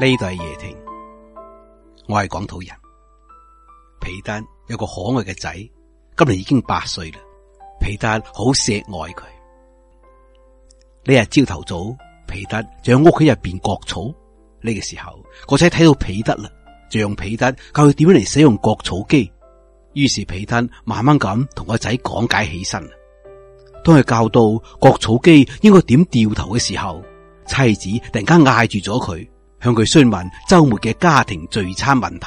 呢度係夜庭，我係港土人。皮丹有個可愛嘅仔，今年已經八歲啦。皮丹好錫愛佢。呢日朝頭早，皮丹就喺屋企入邊割草。呢、這個時候，個仔睇到皮丹啦，就用皮丹教佢點樣嚟使用割草機。於是皮丹慢慢咁同個仔講解起身。當佢教到割草機應該點掉頭嘅時候，妻子突然間嗌住咗佢。向佢詢問周末嘅家庭聚餐問題，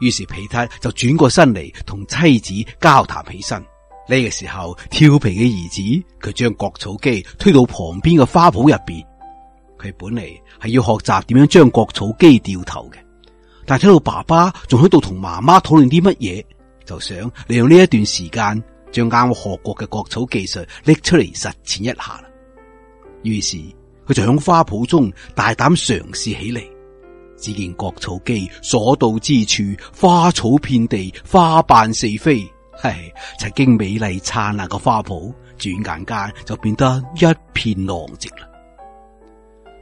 於是皮特就轉過身嚟，同妻子交談起身。呢個時候，調皮嘅兒子佢，將割草機推到旁邊嘅花圃入邊。佢本嚟係要學習點樣將割草機掉頭嘅，但係睇到爸爸仲喺度同媽媽討論啲乜嘢，就想利用呢一段時間將啱學過嘅割草技術拎出嚟實踐一下啦。於是。佢就響花圃中大膽嘗試起嚟，只見割草機所到之處，花草遍地，花瓣四飛。嘿，曾經美麗燦爛嘅花圃，轉眼間就變得一片狼藉啦。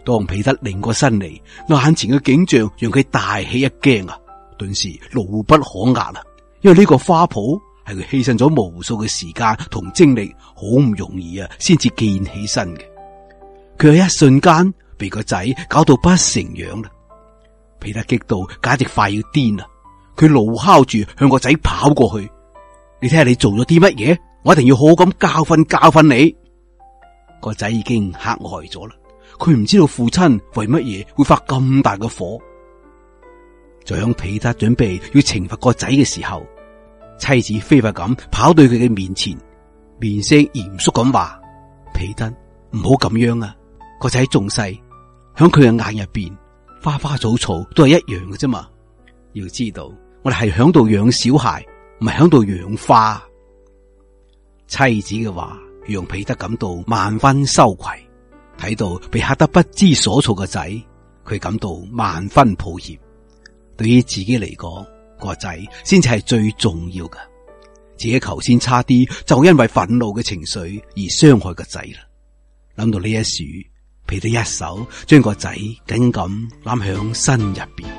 當彼得擰過身嚟，眼前嘅景象讓佢大吃一驚啊！頓時怒不可遏啦，因為呢個花圃係佢犧牲咗無數嘅時間同精力，好唔容易啊，先至建起身嘅。佢喺一瞬間被個仔搞到不成樣啦，皮特激到簡直快要癲啦！佢怒敲住向個仔跑過去，你睇下你做咗啲乜嘢？我一定要好咁教訓教訓你！個仔已經嚇呆咗啦，佢唔知道父親為乜嘢會發咁大嘅火。就響皮特準備要懲罰個仔嘅時候，妻子飛快咁跑到佢嘅面前，面色嚴肅咁話：皮特唔好咁樣啊！個仔仲細，喺佢嘅眼入邊，花花草草都係一樣嘅啫嘛。要知道，我哋係響度養小孩，唔係響度養花。妻子嘅話讓彼得感到萬分羞愧，睇到被嚇得不知所措嘅仔，佢感到萬分抱歉。對於自己嚟講，個仔先至係最重要嘅。自己頭先差啲就因為憤怒嘅情緒而傷害個仔啦。諗到呢一時。皮得一手，將個仔緊緊攬響身入邊。